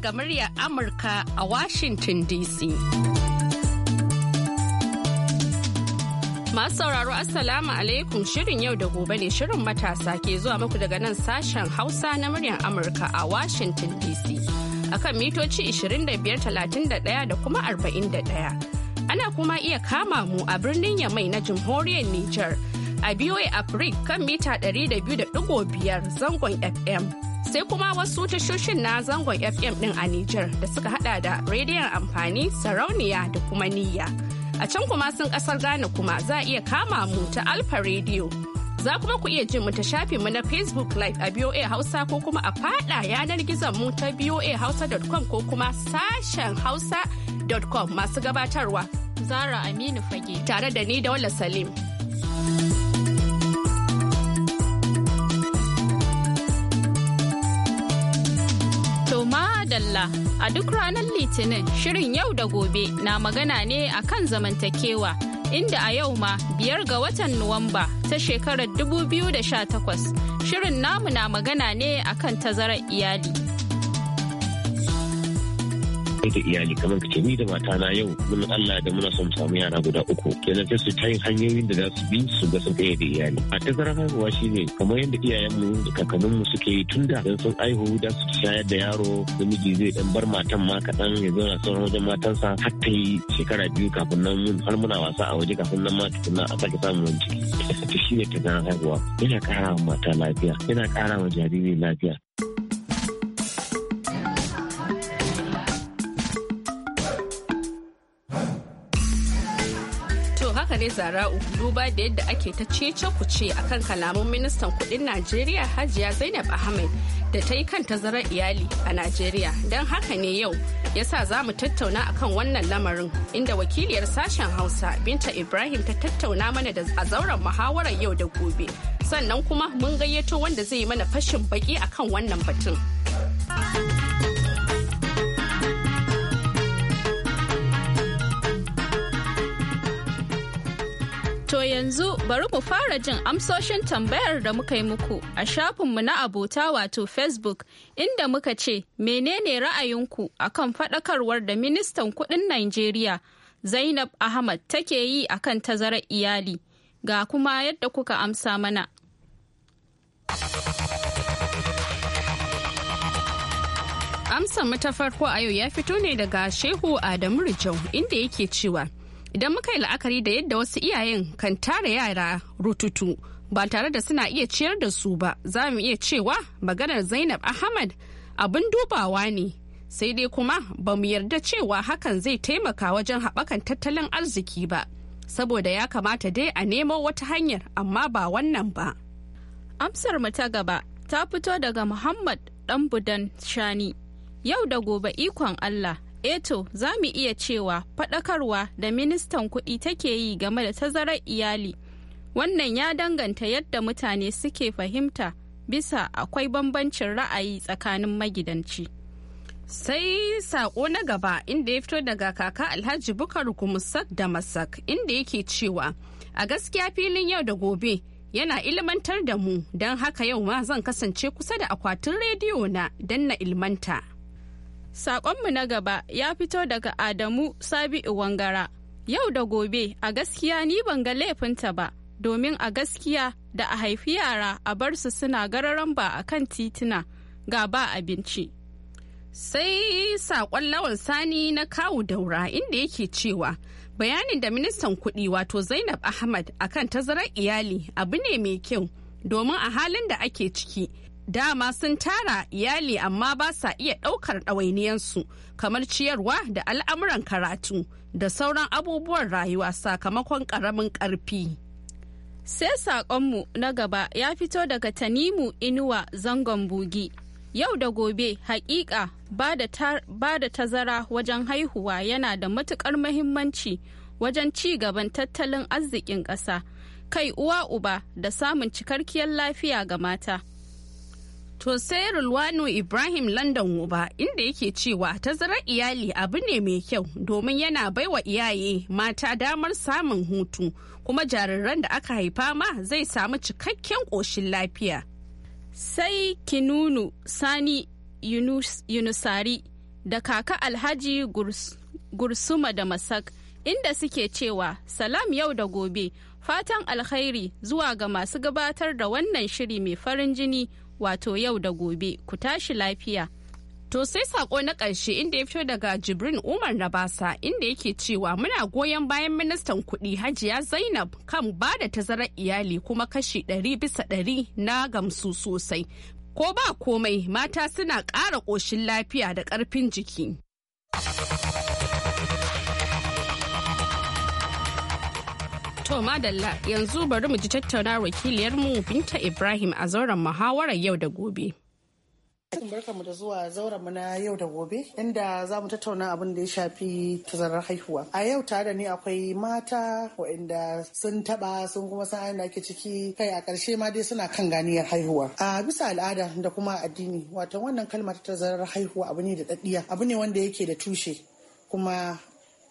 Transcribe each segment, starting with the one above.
daga muryar Amurka a Washington DC. Masu sauraro Assalamu alaikum shirin yau da gobe ne shirin matasa ke zuwa muku daga nan sashen Hausa na muryar Amurka a Washington DC. Akan mitoci 25,31 da kuma 41. Ana kuma iya kama mu a birnin Yamai na jamhuriyar Nijar a BOA Afrik kan mita 200.5 zangon FM. sai kuma wasu tashoshin na zangon FM din a Nijar da suka hada da rediyon amfani sarauniya da kuma niyya. A can kuma sun kasar Ghana kuma za a iya kama mu ta Alfa Radio. Za kuma ku iya jin mu ta shafi mu na Facebook Live a BOA Hausa ko kuma a fada yanar gizon mu ta boahausa.com ko kuma sashen hausa.com masu gabatarwa. Zara Aminu Fage. Tare da ni da Wala Salim. Madalla a duk ranar Litinin shirin yau da gobe na magana ne akan zamantakewa inda a yau ma biyar ga watan Nuwamba ta shekarar 2018 shirin namu na magana ne akan tazarar iyali. kai da iyali kamar ka ce ni da na yau mun Allah da muna son samu yara guda uku kenan sai su tayi hanyoyin da za su bi su ga sun kai da iyali a tazarar haihuwa shine kamar yadda iyayenmu da kakanninmu suke yi tun da dan sun aihu da su shayar da yaro miji zai dan bar matan ma kaɗan ya zauna sauran wajen matansa har ta yi shekara biyu kafin nan mun har muna wasa a waje kafin nan ma tukuna a sake samun wani ciki ne ta tazarar haihuwa yana ƙara wa mata lafiya yana ƙara wa jariri lafiya dai zara'u duba da yadda ake ta cece kuce akan kalamun ministan kudin najeriya hajiya zainab ahmed da ta yi kan tazarar iyali a najeriya don haka ne yau ya sa za mu tattauna akan wannan lamarin inda wakiliyar sashen hausa binta ibrahim ta tattauna mana da a zauren muhawarar yau da gobe sannan kuma mun gayyato wanda zai yi mana fashin baki akan wannan batun. To yanzu bari mu fara jin amsoshin tambayar da muka yi muku a shafinmu na abota wato Facebook inda muka ce menene ra'ayinku akan faɗakarwar da ministan kuɗin Najeriya Zainab Ahmad take yi akan tazarar iyali ga kuma yadda kuka amsa mana. Amsa mu ta farko a yau ya fito ne daga Shehu Adamu Rijau inda yake cewa. idan muka yi la'akari da yadda wasu iyayen kan tara yara rututu ba tare da suna iya ciyar da su ba za mu iya cewa maganar zainab ahmad abin dubawa ne sai dai kuma ba mu yarda cewa hakan zai taimaka wajen haɓakan tattalin arziki ba saboda ya kamata dai a nemo wata hanyar amma ba wannan ba amsar mu ta gaba ta fito daga muhammad dan budan shani yau da gobe ikon allah eto za mu iya cewa faɗakarwa da ministan kuɗi take yi game da tazarar iyali wannan ya danganta yadda mutane suke fahimta bisa akwai bambancin ra'ayi tsakanin magidanci sai saƙo na gaba inda ya fito daga kaka alhaji bukar gumusak da masak inda yake cewa a gaskiya filin yau da gobe yana ilmantar da mu don haka yau ma zan kasance kusa da akwatin rediyo na don na ilmanta Saƙonmu na gaba ya fito daga Adamu Sabi'u Wangara. Yau da gobe a gaskiya ni ban ga laifinta ba, domin a gaskiya da a haifi yara a bar su suna gararan ba a kan titina ga ba abinci. Sai saƙon lawan sani na kawu daura inda yake cewa bayanin da ministan kuɗi wato Zainab Ahmad akan tazarar iyali abu ne mai kyau domin a halin da ake ciki dama sun tara iyali amma ba sa iya ɗaukar ɗawainiyansu kamar ciyarwa da al'amuran karatu da sauran abubuwan rayuwa sakamakon ƙaramin ƙarfi. Sai saƙonmu na gaba ya fito daga Tanimu Inuwa zangon bugi. Yau da gobe haƙiƙa ba da tazara wajen haihuwa yana da matuƙar mahimmanci wajen ci gaban tattalin arzikin ƙasa. Kai uwa uba da samun cikakkiyar lafiya ga mata. To sai Rulwanu Ibrahim London Uba inda yake cewa tazarar iyali abu ne mai kyau domin yana baiwa iyaye mata damar samun hutu kuma jariran da aka haifa ma zai samu cikakken ƙoshin lafiya. Sai Kinunu Sani Yunusari da kaka Alhaji Gursuma da Masak inda suke cewa salam yau da gobe fatan alkhairi zuwa ga masu gabatar da wannan shiri mai farin jini wato yau da gobe ku tashi lafiya. To sai sako na ƙarshe inda ya fito daga Jibrin Umar nabasa inda yake cewa muna goyon bayan ministan kuɗi Hajiya Zainab kan ba da tazarar iyali kuma kashi ɗari bisa ɗari na gamsu sosai. Ko ba komai mata suna ƙara ƙoshin lafiya da ƙarfin jiki. To madalla yanzu bari mu ji tattauna wakiliyarmu Binta Ibrahim a zauren muhawarar yau da gobe. mu da zuwa zauren mu na yau da gobe inda za mu tattauna abin da ya shafi tazarar haihuwa a yau tare da ni akwai mata waɗanda sun taɓa sun kuma san da ake ciki kai a ƙarshe ma dai suna kan ganiyar haihuwa a bisa al'ada da kuma addini wato wannan kalmar tazarar haihuwa abu ne da daddiya abu ne wanda yake da tushe kuma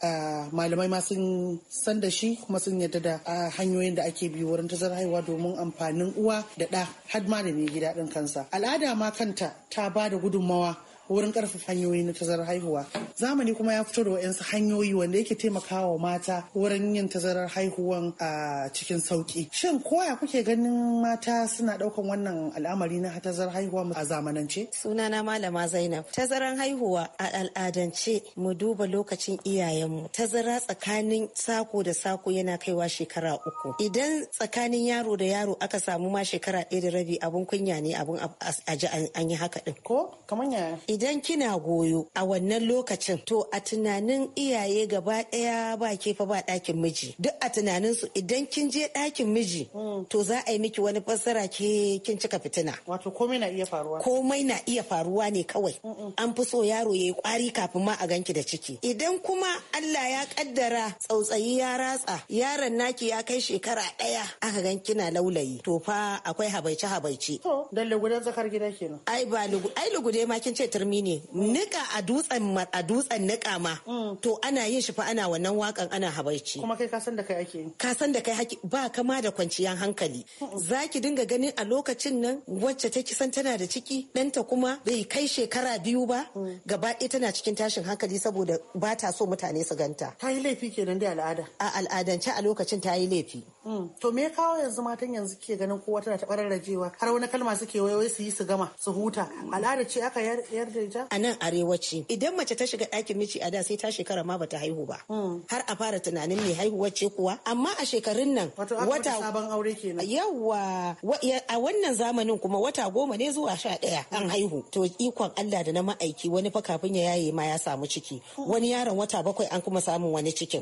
Ah, malamai ma sun san da shi kuma sun yarda da ah, hanyoyin da ake bi wurin tazar haihuwa domin amfanin uwa da ɗa har ma da mai gida ɗin kansa al'ada ma kanta ta ba da gudunmawa wurin karfafa hanyoyi na tazarar haihuwa zamani kuma ya fito da wa'yansu hanyoyi wanda yake taimakawa mata wurin yin tazarar haihuwan a cikin sauki shin koya kuke ganin mata suna daukan wannan al'amari na tazarar haihuwa a zamanance sunana malama zainab tazarar haihuwa a al'adance mu duba lokacin iyayenmu tazara tsakanin sako da sako yana kaiwa shekara uku idan tsakanin yaro da yaro aka samu ma shekara ɗaya da rabi abun kunya ne abun a ji an yi haka din ko kamar ya idan kina goyo a wannan lokacin to a tunanin iyaye gaba ɗaya ba ke fa ba ɗakin miji duk a tunanin su idan kin je ɗakin miji hmm. to za a yi miki wani fassara ke kin cika fitina wato komai na iya faruwa komai na iya faruwa ne kawai an fi so yaro yayi kwari kafin ma a ganki da ciki idan kuma Allah ya kaddara tsautsayi ya ratsa yaron naki ya kai shekara ɗaya aka gan kina laulayi to fa akwai habaice habaice to dan zakar gidan gida kenan ai ba lugu ai lugude ma kin ce turmi kalmomi ne nika a dutsen a dutsen nika ma mm. to ana yin shi fa ana wannan wakan ana habaici kuma kai ka san da kai ake yi ka san da kai haki ba kama da kwanciyar hankali zaki dinga ganin a lokacin nan wacce ta kisan tana da ciki ɗanta kuma bai kai shekara biyu ba mm. gaba ɗaya tana cikin tashin hankali saboda ba ta so mutane su ganta ta yi laifi kenan da al'ada a al'adance a lokacin ta yi laifi mm. to me kawo yanzu matan yanzu ke ganin kowa tana ta rajewa har wani kalma suke wayoyi su yi su gama su huta al'ada ce aka yarda A nan arewaci. Idan mace ta shiga ɗakin miji a da sai ta shekara ma bata haihu ba. Hmm. Har a fara tunanin mai haihuwar ce kuwa. Amma a shekarun nan. Wata sabon aure kenan. Yawwa a wannan zamanin kuma wata goma ne zuwa sha ɗaya an hmm. haihu. To ikon Allah da na ma'aiki wani fa kafin ya yaye ma ya samu ciki. Hmm. Wani yaron wata bakwai an kuma samun wani cikin.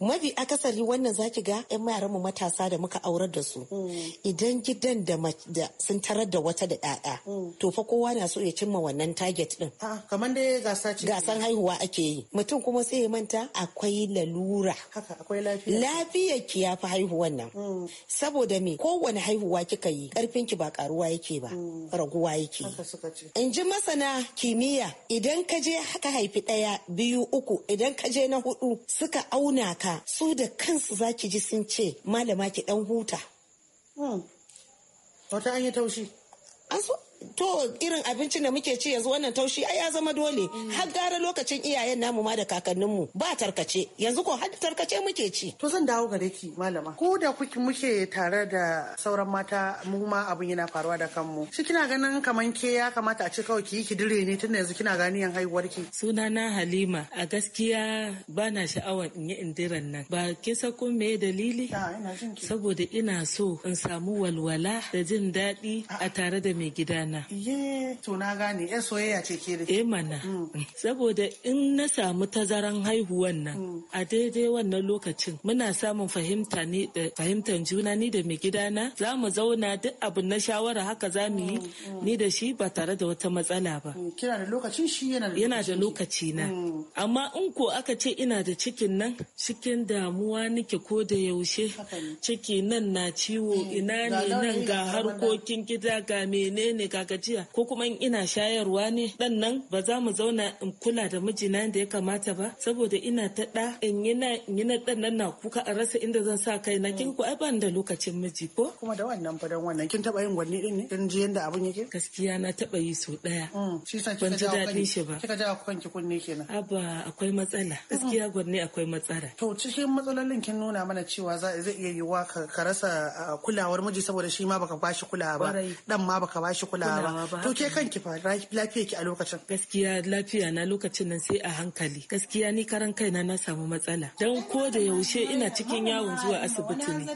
Mafi akasari wannan zaki ga 'yan yaran mu matasa da muka aurar da su. Idan gidan da sun tarar da wata da 'ya'ya. To fa kowa na so ya cimma wannan target certificate din kamar dai gasa ce gasan haihuwa ake yi mutum kuma sai ya manta akwai lalura haka akwai lafiya lafiya ki ya fi haihuwan nan mm. saboda me kowane haihuwa kika yi karfin ki ba karuwa yake ba mm. raguwa yake in ji masana kimiyya idan ka je haka haifi ɗaya biyu uku idan ka je na hudu suka auna ka su da kansu zaki ji sun ce malama ki dan huta mm. Wata an yi taushi. An so to irin abincin da muke ci yanzu wannan taushi ai ya zama dole har gara lokacin iyayen namu ma da kakanninmu ba tarkace yanzu ko har tarkace muke ci to zan dawo gare ki malama ko da kuke muke tare da sauran mata mu ma abun yana faruwa da kanmu shi kina ganin kaman ke ya kamata a ce kawai ki ki dire ne tunda yanzu kina gani yan haihuwar ki sunana Halima a gaskiya bana sha'awar in yi indiran nan ba kin san ko me dalili ah, saboda ina so in samu walwala da jin daɗi a tare da mai gida rana. Ye, to na gane, yan eh, soyayya ce ke da. Eh mana. Mm. Saboda in na samu tazaran haihuwan nan, mm. a daidai wannan lokacin muna samun fahimta ni da fahimtar juna ni da mai gidana za mu zauna duk abu na shawara haka za mu yi mm, ni da shi ba tare da wata matsala ba. Kina da lokacin shi yana da Yana da lokaci na. Amma in ko aka ce ina da cikin nan cikin damuwa nike ko da yaushe ciki nan na ciwo ina ne nan ga harkokin gida ga menene ga gajiya ko kuma ina shayarwa ne dan nan ba za mu zauna in kula da mijina da ya kamata ba saboda ina ta da in yi na in yi na dan nan na kuka a rasa inda zan sa kai na kin ku ai ban da lokacin miji ko kuma da wannan fa dan wannan kin taba yin gwanni din ne kin ji yanda abun yake gaskiya na taba yi so daya mm, ban ji dadin shi ba kika ja kanki kunne kenan aba akwai matsala gaskiya mm. gwanni akwai matsala to cikin matsalolin kin nuna mana cewa zai iya yiwuwa ka rasa kulawar miji saboda shi ma baka bashi kulawa ba dan ma baka bashi kulawa kulawa ba to ke kanki fa lafiya ki a lokacin gaskiya lafiya na lokacin nan sai a hankali gaskiya ni karan kaina na samu matsala dan ko da yaushe ina cikin yawon zuwa asibiti ne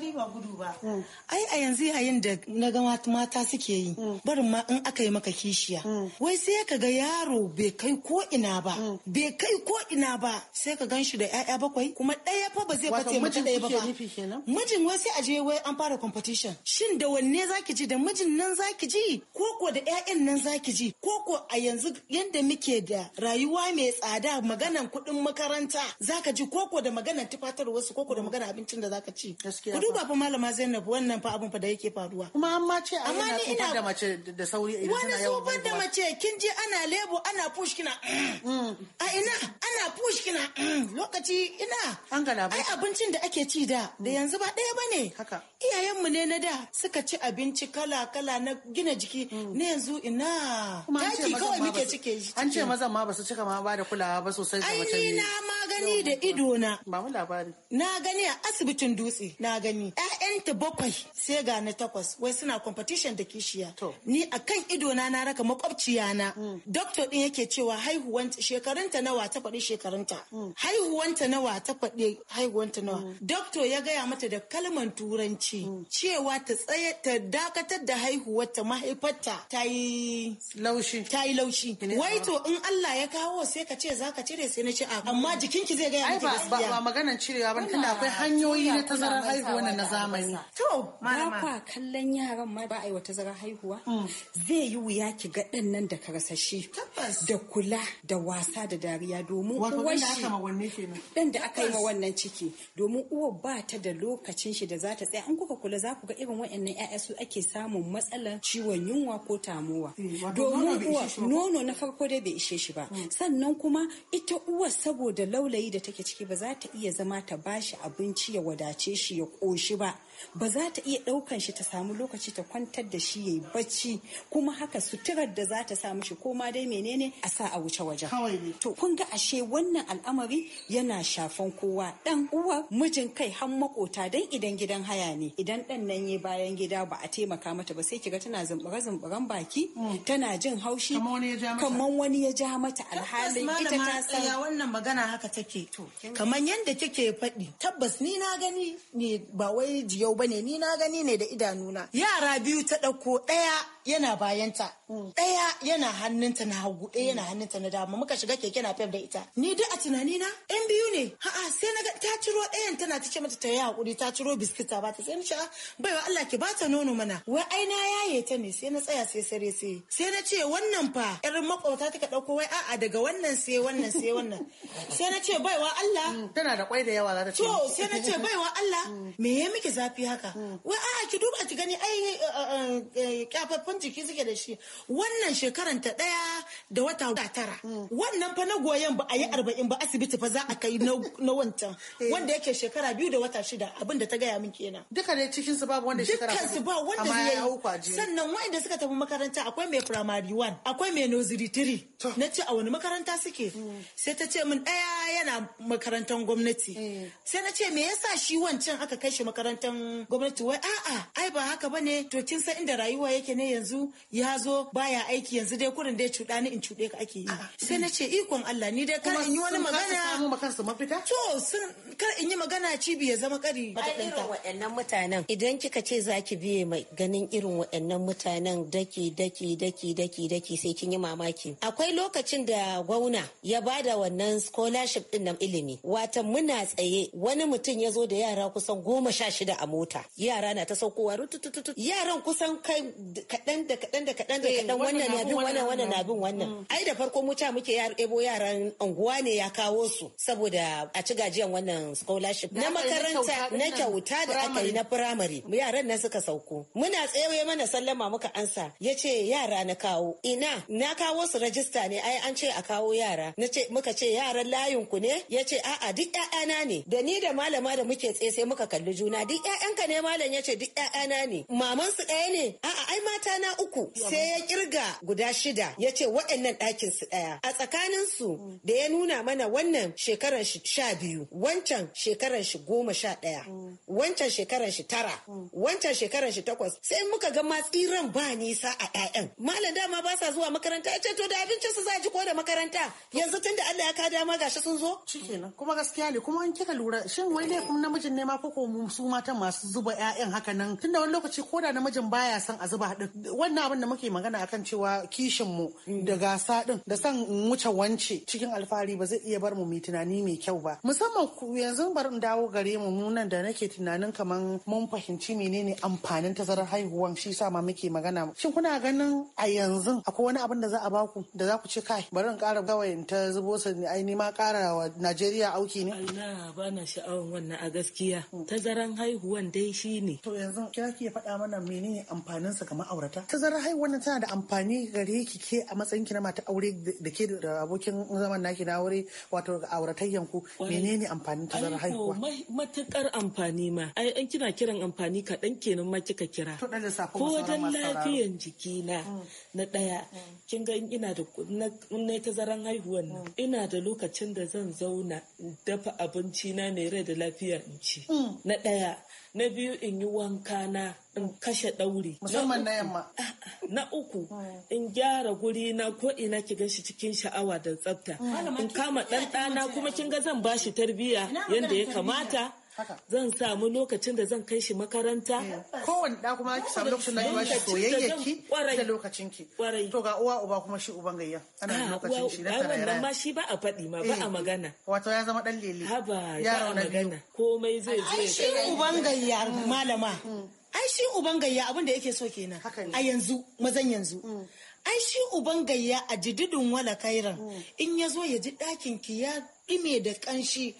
mm. ai a yanzu yayin da na ga mata suke yi mm. barin ma in aka yi maka kishiya mm. wai sai ka ga yaro bai kai ko ina ba bai kai ko ina ba sai ka gan shi da 'ya'ya bakwai kuma ɗaya fa ba zai bace mace ɗaya ba mijin wai sai a je wai an fara competition shin da wanne zaki ji da mijin nan zaki ji ko ko da 'ya'yan nan zaki ji ko ko a yanzu yadda muke da rayuwa mai tsada maganan kuɗin makaranta zaka ji ko ko da maganan tufatar wasu ko ko da maganan abincin da zaka ci ku duba fa malama Zainab wannan fa abin fa da yake faruwa kuma amma ce a yana tsofar da mace da sauri idan tana yawan wani tsofar da mace kin ji ana lebo ana push kina mm. a ina kina mm, lokaci ina an ai abincin da ake ci da da yanzu ba ɗaya bane haka iyayenmu ne na da suka ci abinci kala kala na gina jiki mm. na yanzu ina taki kawai muke cike an ce mazan ma basu cika ma ba da kulawa ba sosai da ai na ma gani da idona. Mamu labari. Na gani a asibitin dutse na gani. ta bakwai sai ga na takwas wai suna competition da kishiya. Ni a kan idona na raka makwabciya na. Mm. Doktor din yake cewa haihuwanta shekarunta nawa ta faɗi shekarunta. Mm. Haihuwanta nawa ta faɗi haihuwanta nawa. Mm. Doktor ya gaya mata da kalman turanci cewa ta tsaye ta dakatar da haihuwarta mahaifarta ta yi laushi. Ta yi laushi. Wai to in Allah ya kawo sai ka ce za ka cire sai na ce amma jikin ki zai gaya miki gaskiya ba maganan cirewa ba tunda akwai hanyoyi na tazarar haihuwa na zamani to malama ba kallon yaran ma ba a yi tazarar haihuwa mm. zai yi wuya ki ga ɗan nan da ka karsashe tabbas da kula da wasa da dariya domin uwashi da aka yi wa wannan ciki domin uwa ba ta da lokacin shi da za ta tsaya an kuka kula za ku ga irin waɗannan ƴaƴa su ake samun matsalar ciwon yunwa ko tamuwa eh, domin uwa nono na farko dai bai ishe shi ba hmm. sannan kuma ita uwa saboda laulayi da take ciki ba za ta iya zama ta bashi abinci ya wadace shi ya ƙoshi ba ba za ta iya ɗaukan shi ta samu lokaci ta kwantar da shi yayi bacci kuma haka suturar da za ta sa mishi ko ma dai menene a sa a wuce wajen to kun ga ashe wannan al'amari yana shafan kowa ɗan uwa mijin kai har makota dan idan gidan haya ne idan dan nan ya bayan gida ba a taimaka mata ba sai kiga tana zumbura zumburan baki mm. tana jin haushi kamar wani ya ja mata alhalin ita ta san wannan magana haka take to kamar yanda kike faɗi tabbas ni na gani ne ba wai yau bane ni na gani ne da idanuna yara biyu ta ɗauko ɗaya yana bayanta mm. ɗaya yana hannunta na hagu ɗaya yana hannunta na dama muka shiga keke na da ita ni duk a tunani na yan biyu ne ha'a sai na ga ta ciro ɗayan tana ta ce mata ta yi hakuri ta ciro biskit ta bata sai na ce ah, wa Allah ki bata nono mana wai ai na yaye ta ne sai na tsaya sai sare sai sai na ce wannan fa yar makwabta ka ɗauko wai a'a daga wannan sai wannan sai wannan sai na ce wa Allah mm, tana da kwai da yawa za ta ce to sai na ce wa Allah mm. me ya miki zafi haka wai a'a ki duba ki gani ai kyafaffun eh, eh, eh, jiki suke da shi wannan shekaran ta daya da wata tara mm. wannan fa na goyon ba a yi mm. arba'in ba asibiti fa za a kai na wancan eh. wanda yake shekara biyu da wata shida abinda ta gaya min kenan duka ne cikin su babu wanda shekara dukkan su ba wanda ya yi sannan wanda suka tafi makaranta akwai mai primary one akwai mai nursery three na ce a wani makaranta suke mm. sai ta ce min daya yana makarantar gwamnati eh. sai na ce me yasa shi wancan aka kai shi makarantar gwamnati wai a'a ai ba haka bane to kin san inda rayuwa yake ne yanzu yanzu ya zo baya aiki yanzu dai kurin dai cuɗa ni in cuɗe ka ake yi sai na ce ikon Allah ni dai kar in yi wani magana to sun kar in yi magana cibi ya zama kari irin waɗannan mutanen idan kika ce zaki biye mai ganin irin waɗannan mutanen daki daki daki daki daki sai kin yi mamaki akwai lokacin da gwauna ya ba da wannan scholarship din nan ilimi wata muna tsaye wani mutum ya zo da yara kusan goma sha shida a mota yara na ta saukowa rututututu yaran kusan kai kaɗan da kaɗan da kaɗan da eh, kaɗan wannan na bin wannan wannan na bin wannan mm. ai da farko mu ta muke ebo yaran unguwa ne ya kawo su saboda a ci gajiyan wannan scholarship na makaranta na kyauta da aka yi na firamare yaran nan suka sauko muna tsaye mana sallama muka ansa yace yara na kawo ina na kawo su rajista ne ai an ce a kawo yara na ce muka ce yaran layin ku ne yace a'a duk ƴaƴana ne da ni da malama da muke tsaye sai muka kalli juna duk ƴaƴanka ne malam yace duk ƴaƴana ne maman ɗaya ne a'a ai mata kwana uku sai ya kirga guda shida ya ce waɗannan ɗakin su ɗaya a tsakanin su mm. da ya nuna mana wannan shekaran shi sha biyu wancan shekaran shi goma sha ɗaya mm. wancan shekaran shi tara mm. wancan shekaran shi takwas sai muka ga matsiran ba nisa a ƴaƴan malam dama ba sa zuwa makaranta ya ce to da abincin su za ji ko da makaranta yanzu tunda Allah ya kada dama gashi sun zo shikenan kuma gaskiya ne kuma an kika lura shin wai kuma namijin ne ma ko su matan masu zuba ƴaƴan haka nan tunda wani lokaci ko da namijin baya son a zuba din wannan abin da muke magana akan cewa kishin mu da gasa din da san wuce wance cikin alfahari ba zai iya bar mu mai tunani mai kyau ba musamman yanzu bari in dawo gare mu nunan da nake tunanin kamar mun fahimci menene amfanin tazarar haihuwan shi sa ma muke magana shin kuna ganin a yanzu akwai wani abin da za a baku da za ku ce kai bari in ƙara gawayin ta zubo su ai nima ma ƙara wa Najeriya auki ne Allah ba na sha'awar wannan a gaskiya tazaran haihuwan dai shine to yanzu kira ke faɗa mana menene amfanin sa ga ma'aurata mata tazarar haihuwar nan tana da amfani gare ki ke a matsayin ki na mata aure da ke da abokin zaman naki na aure wato auratayyan ku menene amfanin tazarar haihuwa matakar amfani ma ai an kina kiran amfani kaɗan kenan ma kika kira ko dan lafiyan jiki na mm. na ɗaya mm. kin ga ina da na tazaran haihuwan nan mm. ina da lokacin da zan zauna dafa abinci na mai rai da lafiya in ci na ɗaya na biyu in yi wanka na in kashe ɗauri. Musamman na yamma. Ah, ah, na uku in gyara guri na ko ina ki gashi cikin sha'awa da tsafta. In kama ɗanɗana kuma kin ga zan bashi tarbiyya yadda ya kamata. zan samu lokacin da zan kai shi makaranta eh, kowane da kuma samu lokacin da yawa shi soyayyaki da lokacin ki to ga uwa uba kuma shi uban gayya ana ah, lokacin shi da tarayya wannan ma shi ba a faɗi ma ba a eh, magana wato ya zama dan lele haba ya magana komai zai zai. shi uban gayya mm. malama mm. ai shi uban gayya abin da yake so kenan a yanzu mazan yanzu mm. ai shi uban gayya a jididin wala kairan in ya zo ya ji ɗakin ki ya ɗime da ƙanshi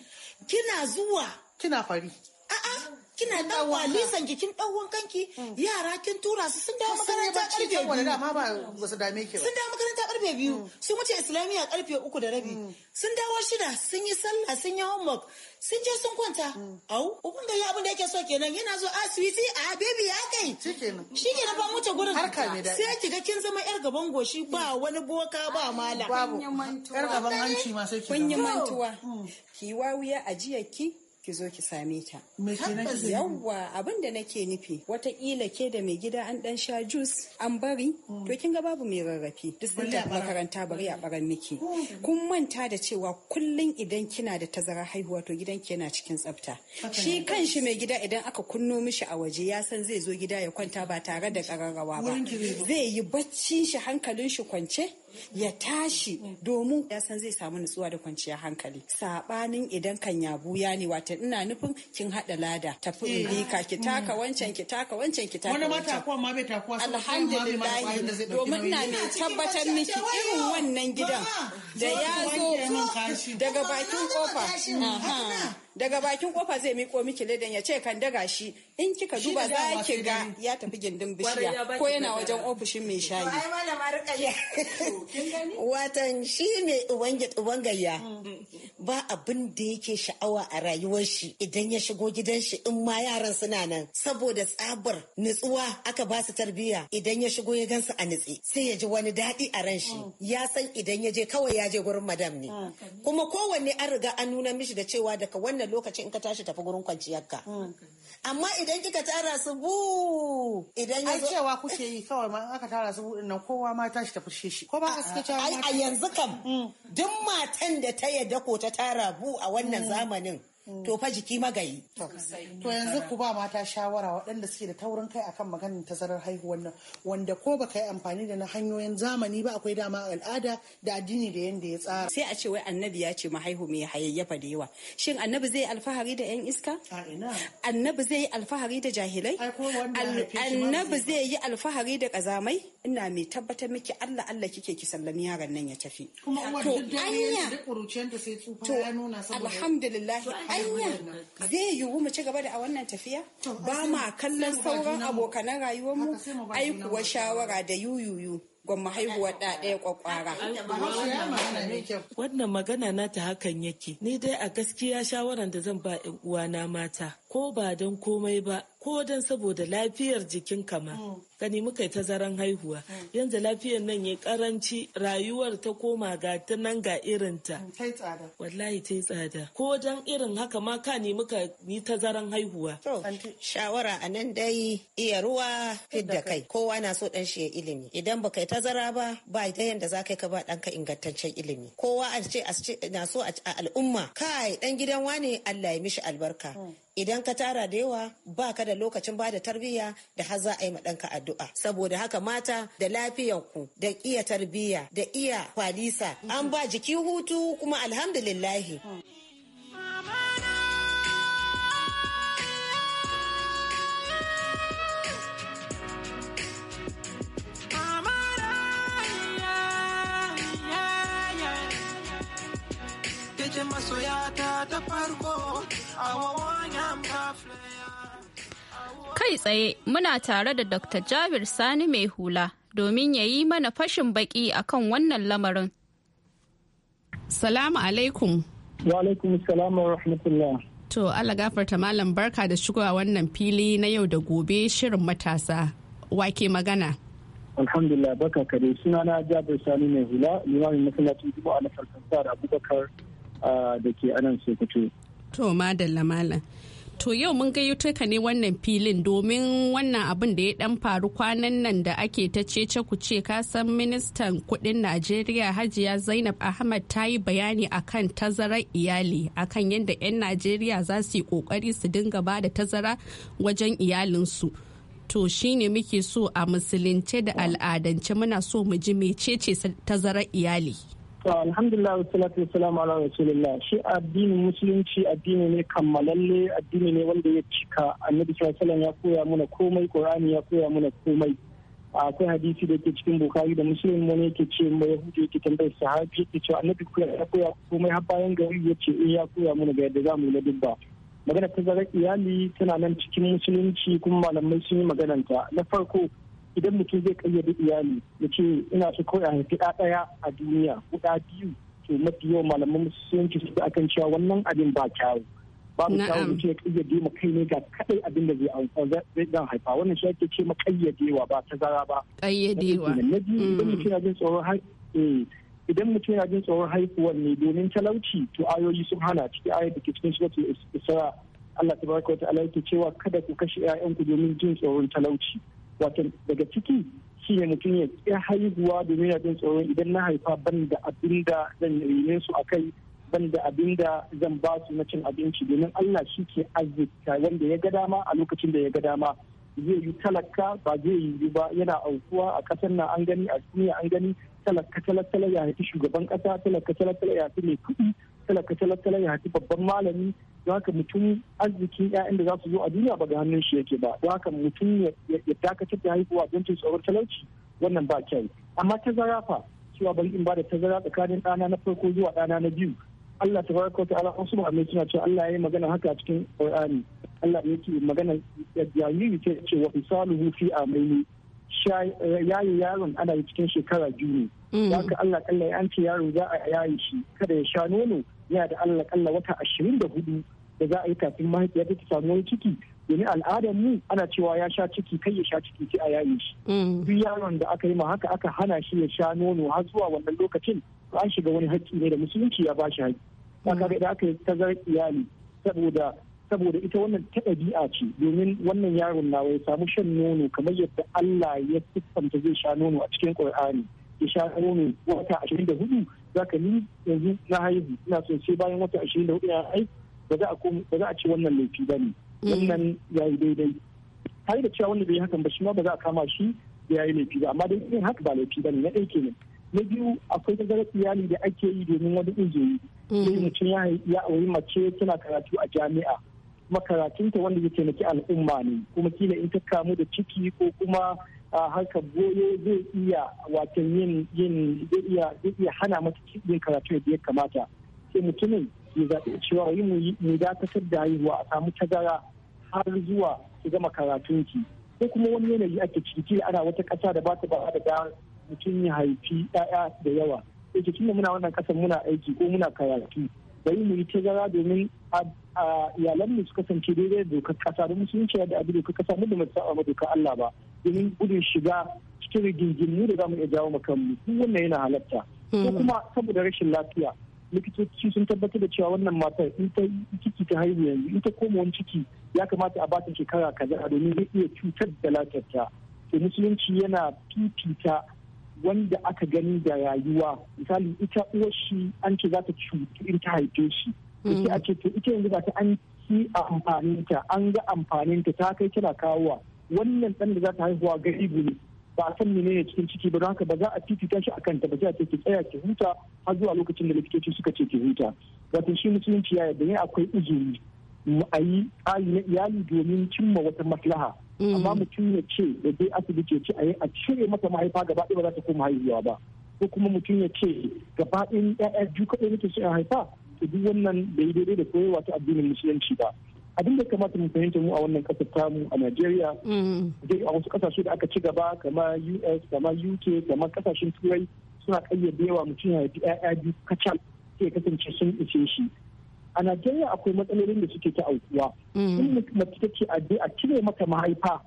kina zuwa kina fari a'a kina dan wa ki kin dan wankan ki mm. yara kin tura su sun dawo makaranta karfe biyu dama ba ba su dame ki ba sun dawo makaranta karfe biyu mm. sun wuce islamiyya karfe uku da rabi mm. sun dawo shida sun yi sallah sun yi homework sun je sun kwanta au uban gari abin da yake so kenan yana zo a sweetie a baby ya kai shi kenan ban wuce gurin sai ki ga kin zama yar gaban goshi ba wani boka ba mala babu yar gaban hanci ma sai ki kun yi mantuwa ki wawiya ajiyar ki ki zo ki same ta. Yawwa abin da nake nufi wataƙila ke da mai gida an dan sha jus an bari hmm. to kin ga babu mai rarrafi duk sun tafi makaranta bari a baran miki. Hmm. Kun manta da cewa kullum idan kina da tazara haihuwa to gidan ki yana cikin tsafta. Shi kan shi mai gida idan aka kunno mishi a waje ya san zai zo gida ya kwanta ba tare da kararrawa ba. Zai yi baccin shi hankalin shi kwance. ya tashi domin ya san zai samu nutsuwa da kwanciyar hankali sabanin idan kan ya buya ne wata ina nufin kin hada lada tafi in ki taka wancan ki taka wancan ki taka wannan ma takuwa ma bai takuwa alhamdulillah domin ina ne tabbatar miki irin wannan gidan da ya zo daga bakin kofa daga bakin kofa zai miko miki ledan ya ce kan daga shi in kika duba za ki ga ya tafi gindin bishiya ko yana wajen ofishin mai shayi watan shi ne uban mm. ba abin da yake sha'awa a rayuwar shi idan ya shigo gidan shi in ma yaran suna nan saboda tsabar nutsuwa aka ba su tarbiyya idan ya shigo ya gansu a nutse sai ya ji wani daɗi a ran shi mm. ya san idan ya je kawai ya je gurin madam ne mm. kuma kowanne an riga an nuna mishi da cewa daga wannan wannan in ka tashi tafi gurin kwanciyarka. Hmm. Amma idan kika tara su bu idan ya zo. Ai cewa kuke yi kawai ma aka tara su bu din nan kowa ma tashi tafi shi shi. Ko ba ka suke cewa. Ai a yanzu kam hmm. duk matan da ta yadda ko ta tara bu a wannan hmm. zamanin. to fa jiki magayi to yanzu ku ba mata shawara waɗanda suke da taurin kai akan maganin tazarar haihuwar nan wanda ko baka yi amfani da na hanyoyin zamani ba akwai dama al'ada da addini da yanda ya tsara sai a ce wai annabi ya ce mahaihu mai hayayyafa da yawa shin annabi zai alfahari da yan iska annabi zai yi alfahari da jahilai annabi zai yi alfahari da kazamai ina mai tabbatar miki Allah Allah kike ki sallami yaron nan ya tafi kuma uwar duk anya duk kuruciyarta sai tsufa ya nuna saboda alhamdulillah anya zai yiwu mu ci gaba da a wannan tafiya ba ma kallon sauran abokanan rayuwar mu ai kuwa shawara da yuyuyu gwamma haihuwar da ɗaya kwakwara. Wannan magana nata hakan yake, ni dai a gaskiya shawaran da zan ba 'yan uwana mata. ko ba don komai ba ko don saboda lafiyar jikin kama mm. gani muka yi tazaran haihuwa mm. yanzu lafiyar nan ya karanci rayuwar ta koma ga ta nan ga irinta mm, wallahi ta yi tsada ko don irin haka ma ka ne muka yi tazaran haihuwa shawara a nan dai iya ruwa fidda kai kowa na so dan shi ya ilimi idan baka yi tazara ba ba ta yanda za ka ka ba ɗanka ingantaccen ilimi kowa a ce na so a al'umma kai dan gidan wane Allah ya mishi albarka idan ka tara da yawa ba ka da lokacin ba da tarbiyya da har za a yi maɗanka addu'a saboda haka mata da ku, da iya tarbiyya da iya kwalisa an ba jiki hutu kuma alhamdulillahi Kai tsaye muna tare da Dr. Jabir Sani mai hula domin ya yi mana fashin baki akan wannan lamarin. Salamu alaikum. Wa alaikum salam wa rahmatullah. To Allah gafarta malam barka da shigowa wannan fili na yau da gobe shirin matasa. Wake magana. Alhamdulillah baka kare sunana Jabir Sani mai hula limamin masallacin Juma'a na Farkansa da Abubakar ah, da ke anan Sokoto. To madalla malam. To yau mun gayyato ka ne wannan filin domin wannan abin da ya dan faru kwanan nan da ake ta cece ku ce ka san ministan kudin Najeriya Hajiya Zainab Ahmad ta yi bayani akan tazarar iyali akan yadda 'yan Najeriya za su yi kokari su dinga ba da tazara wajen iyalinsu. To shi ne muke so a musulunce da al'adance muna so mu ji mecece tazarar iyali. alhamdulillah wassalatu wassalamu ala rasulillah shi addinin musulunci addini ne kammalalle addini ne wanda ya cika annabi sallallahu ya koya mana komai qur'ani ya koya mana komai akwai hadisi da ke cikin bukari da musulun mun yake ce mai yahudu yake tambayar sahabi yake ce annabi ya koya komai har bayan gari ya ce eh ya koya mana ga yadda zamu na dubba magana ta zarar iyali tana nan cikin musulunci kuma malamai sun yi magananta na farko idan mutum zai kayyade iyali ya ce ina su kawai a haifi ɗa ɗaya a duniya guda biyu to mafi yawan malaman musulunci su akan cewa wannan abin ba kyawu babu kyawu mutum ya kayyade ma kai ne ga kaɗai abin da zai zai haifa wannan shi ake ce ma kayyadewa ba tazara ba kayyadewa na biyu mm. eh, idan mutum yana jin tsoron haihuwar ne domin talauci to ayoyi sun hana ciki ayat da ke cikin suratul isra Allah tabaraka wa ta'ala yake cewa kada ku kashe 'ya'yanku domin jin tsoron talauci wato daga ciki shi ne mutum ya ƙi haihuwa domin yadda tsoron idan na haifa ban da abin da zan rene su a kai ban da abin da zan ba su na cin abinci domin Allah shi ke arzika wanda ya ga dama a lokacin da ya ga dama zai yi talaka ba zai yi ba yana aukuwa a ƙasar na an gani a duniya an gani talaka talaka ya haifi shugaban ƙasa talaka talaka ya haifi mai kuɗi talaka talaka ya haifi babban malami don haka mutum arzikin 'ya'yan da za su zo a duniya ba ga hannun shi yake ba don haka mutum ya dakatar da haihuwa don ta tsoron talauci wannan ba kyau amma tazara fa cewa bari in ba tazara tsakanin ɗana na farko zuwa ɗana na biyu Allah ta baraka ta ala wasu amma suna cewa Allah ya yi magana haka a cikin Qur'ani Allah ya ke magana jariri ta ce wa isaluhu fi amaini yayi yaron ana yi cikin shekara biyu ne mm. haka Allah kalla ya an ce yaro za a yayi shi kada ya sha nono yana da Allah kalla wata ashirin da hudu da za a yi kafin mahaifiya ta samu wani ciki domin al'adar mu ana cewa ya sha ciki kai ya sha ciki sai a yaye shi mm. duk yaron da aka yi ma haka aka hana shi ya sha nono har zuwa wannan lokacin an shiga wani haƙƙi ne da musulunci ya bashi haƙƙi haka ga da aka yi tazarar iyali saboda saboda ita wannan ta ɗabi'a ce domin wannan yaron nawa ya samu shan nono kamar yadda Allah ya siffanta zai sha nono a cikin Qur'ani ya sha nono wata ashirin da hudu zaka ni yanzu na haihu ina so sai bayan wata ashirin da hudu haihu ba za a ci wannan laifi ba ne wannan ya yi daidai har da cewa wanda bai yi hakan ba shi ma ba za a kama shi da ya yi laifi ba amma dai in haka ba laifi ba ne na ɗaya kenan na biyu akwai tazarar iyali da ake yi domin wani uzuri sai mm. mutum ya auri mace tana karatu a jami'a kuma karatunta wanda ya taimaki al'umma ne kuma kila in ta kamu da ciki ko kuma a harkar goyo zai iya watan yin yin zai iya hana mata yin karatu da ya kamata sai mutumin ya zaɓi cewa yi mu dakatar da haihuwa a samu tazara har zuwa ki gama karatunki ko kuma wani yanayi ake ciki ana wata ƙasa da ba ta ba da damar mutum ya haifi ɗaya da yawa ko eh, ki tunda muna wannan ƙasar muna aiki ko muna karatu bari mu yi tazara domin iyalan mu su kasance daidai da dokar ƙasa domin sun ce da abin dokar ƙasa muddin da mu saba ma dokar Allah ba domin gudun shiga cikin rigingimu da za mu iya jawo mu kanmu wannan yana halatta ko hmm. kuma saboda rashin lafiya likitoci sun tabbatar da cewa wannan matar in ta ciki ta haihu yanzu in ta koma wani ciki ya kamata a ba ta shekara kaza domin zai iya cutar da lafiyarta to musulunci yana fifita wanda aka gani da rayuwa misali ita uwar shi an ce za ta cutu in ta haife shi sai a ce to ita yanzu ba ta an ci amfaninta an ga amfaninta ta kai tana kawowa wannan dan da za ta haihuwa garibu ne ba a san menene cikin ciki ba don haka ba za a fifita shi a ta ba za a ce ki tsaya ki huta har zuwa lokacin da likitoci suka ce ki huta wato shi musulunci ya yarda ne akwai uzuri a yi tsari na iyali domin cimma wata maslaha mm. amma mutum ya ce da dai asibiti ya ce a yi a cire mata mahaifa gaba ɗaya ba za ta koma haihuwa ba ko kuma mutum ya ce gaba ɗaya ɗaya biyu kaɗai nake so haifa to duk wannan bai daidai da koyarwa ta addinin musulunci ba abin da kamata mu fahimta mu a wannan kasar tamu a Najeriya mm. dai a wasu kasashe da aka ci gaba kamar US kama UK kama kasashen turai suna kayyade yawa mutum ya haifi ƴaƴa biyu kacal ke kasance sun ishe shi a Najeriya akwai matsalolin da suke ta aukuwa mm. in mace ce a cire maka mahaifa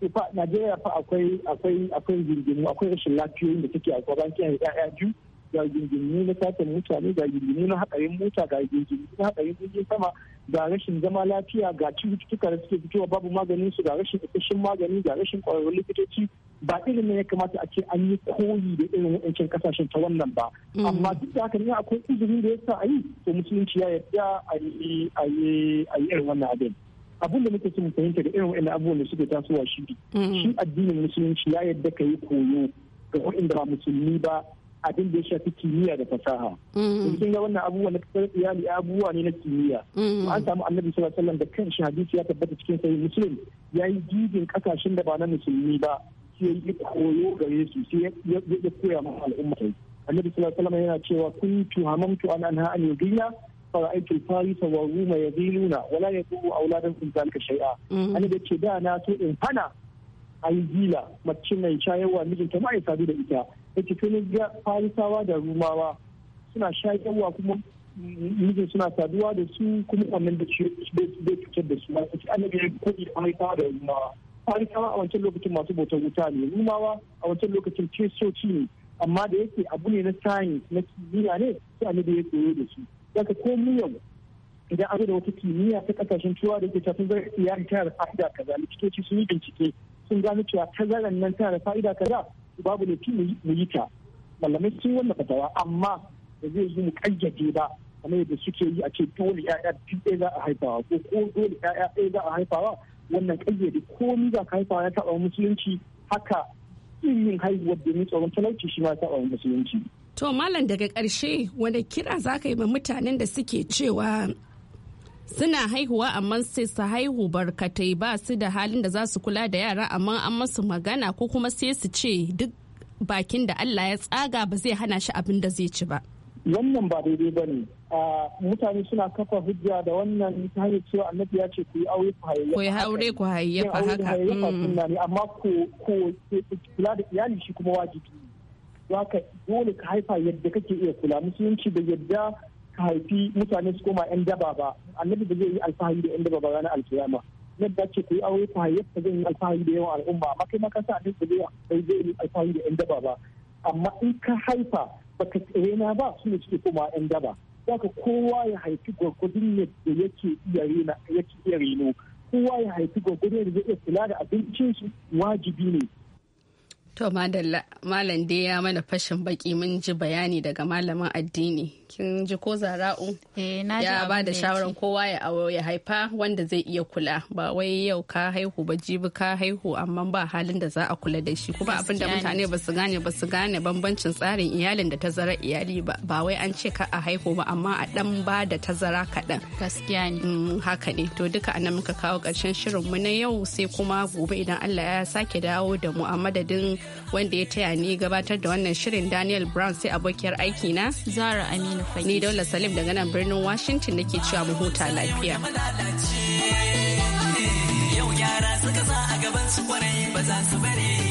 to fa Najeriya fa akwai akwai akwai akwai rashin lafiyoyin da take aukuwa bayan kiyaye ƴaƴa biyu ga gingimi na satan mutane ga gingimi na haɗarin mota ga gingimi na haɗarin jirgin sama ga rashin zama lafiya ga cututtuka da suke fitowa babu maganin su ga rashin isasshen magani ga rashin ƙwararrun likitoci ba irin ne ya kamata a ce an yi koyi da irin waɗancan kasashen ta wannan ba mm. amma duk da haka ne akwai izinin da ya sa a yi to musulunci ya yarda a yi irin wannan abin abun da muke son fahimta da irin waɗannan abubuwan da suke tasowa shi mm. shi addinin musulunci ya yarda ka yi koyo ga wa'inda ba musulmi ba abin da ya shafi kimiyya da fasaha. Mm-hmm. Kin ga wannan abubuwa na kasar iyali abubuwa ne na kimiyya. Mm-hmm. An samu Annabi sallallahu alaihi wasallam da kan shi hadisi ya tabbata cikin sahih Muslim ya yi gigin kasashen da ba na musulmi ba sai ya koyo gare su sai ya koya ma al'umma. Annabi sallallahu alaihi wasallam yana cewa kuntu hamamtu an anha an yudina فرأيت mm-hmm. ya والروم Wala ولا يضر auladan ذلك شيئا أنا da ce da na so in hana a yi gila mace mai shayarwa mijinta ma da ita cikin farisawa da rumawa suna shayarwa kuma mijin suna saduwa da su kuma wannan da cutar da su ma su annabi ya koyi farisawa da rumawa farisawa a wancan lokacin masu bautar wuta ne rumawa a wancan lokacin ce soci ne amma da yake abu ne na science na kimiyya ne sai annabi ya koyo da su daga ko mu yau idan an da wata kimiyya ta kasashen tuwa da ke tafin zai ya ta da fa'ida kaza likitoci sun yi bincike sun gano cewa tazaran nan tana da fa'ida kaza babu ne mu yi ta malamai sun wannan fatawa amma ba zai yi mu kayyade ba kamar yadda suke yi a ce dole ya'ya ɗaya za a haifawa ko ko dole ya'ya ɗaya za a haifawa wannan kayyade komi za ka haifawa ya taɓa musulunci haka yin haihuwar domin tsoron talauci shi ma ya taɓa musulunci. To Malam daga ƙarshe wani kira za ka yi ma mutanen da suke cewa suna haihuwa amma sai su haihu barkatai ba su da halin da za su kula da yara amma an masu magana ko kuma sai su ce duk bakin da Allah ya tsaga ba zai hana shi abin da zai ci ba. Wannan ba daidai ba ne. Mutane suna kafa hujja da wannan ta hanyar cewa annabi ya ce ku yi aure ku hayayyafa. Ku yi aure ku hayayyafa haka. Mm. Amma ko kula da iyali shi kuma wajibi. Za ka dole ka haifa yadda kake iya kula musulunci da yadda ka haifi mutane su koma yan daba ba annabi ba zai yi alfahari da yan daba ba ranar alkiyama da ce ku yi aure ku hayyarta zai yi alfahari da yawan al'umma amma kai maka sa annabi ba zai yi alfahari da yan daba ba amma in ka haifa baka tsirena ba su ne suke koma yan daba ka kowa ya haifi gwargwadon yadda yake iya rena yake iya reno kowa ya haifi gwargwadon da zai iya kula da abincinsu wajibi ne To Malam dai ya mana fashin baki mun ji bayani daga malamin addini kin ji ko zara'u eh, ya ba da shawarar kowa ya ya haifa wanda zai iya kula ba wai yau ka haihu ba jibi ka haihu amma ba halin da za a kula da shi kuma abin da mutane ba su gane ba su gane bambancin tsarin iyalin da tazara iyali ba ba wai an ce ka a haihu ba amma a dan ba da tazara kaɗan gaskiya ne mm, haka ne to duka anan muka kawo ƙarshen shirin mu na yau sai kuma gobe idan Allah ya sake dawo da mu a madadin wanda ya taya ni gabatar da wannan shirin Daniel Brown sai abokiyar aiki na Zara Aminu Ni Daula Salim daga nan birnin Washington nake cewa mu huta lafiya. Yau gyara suka sa a gaban su kwarai ba za su bare.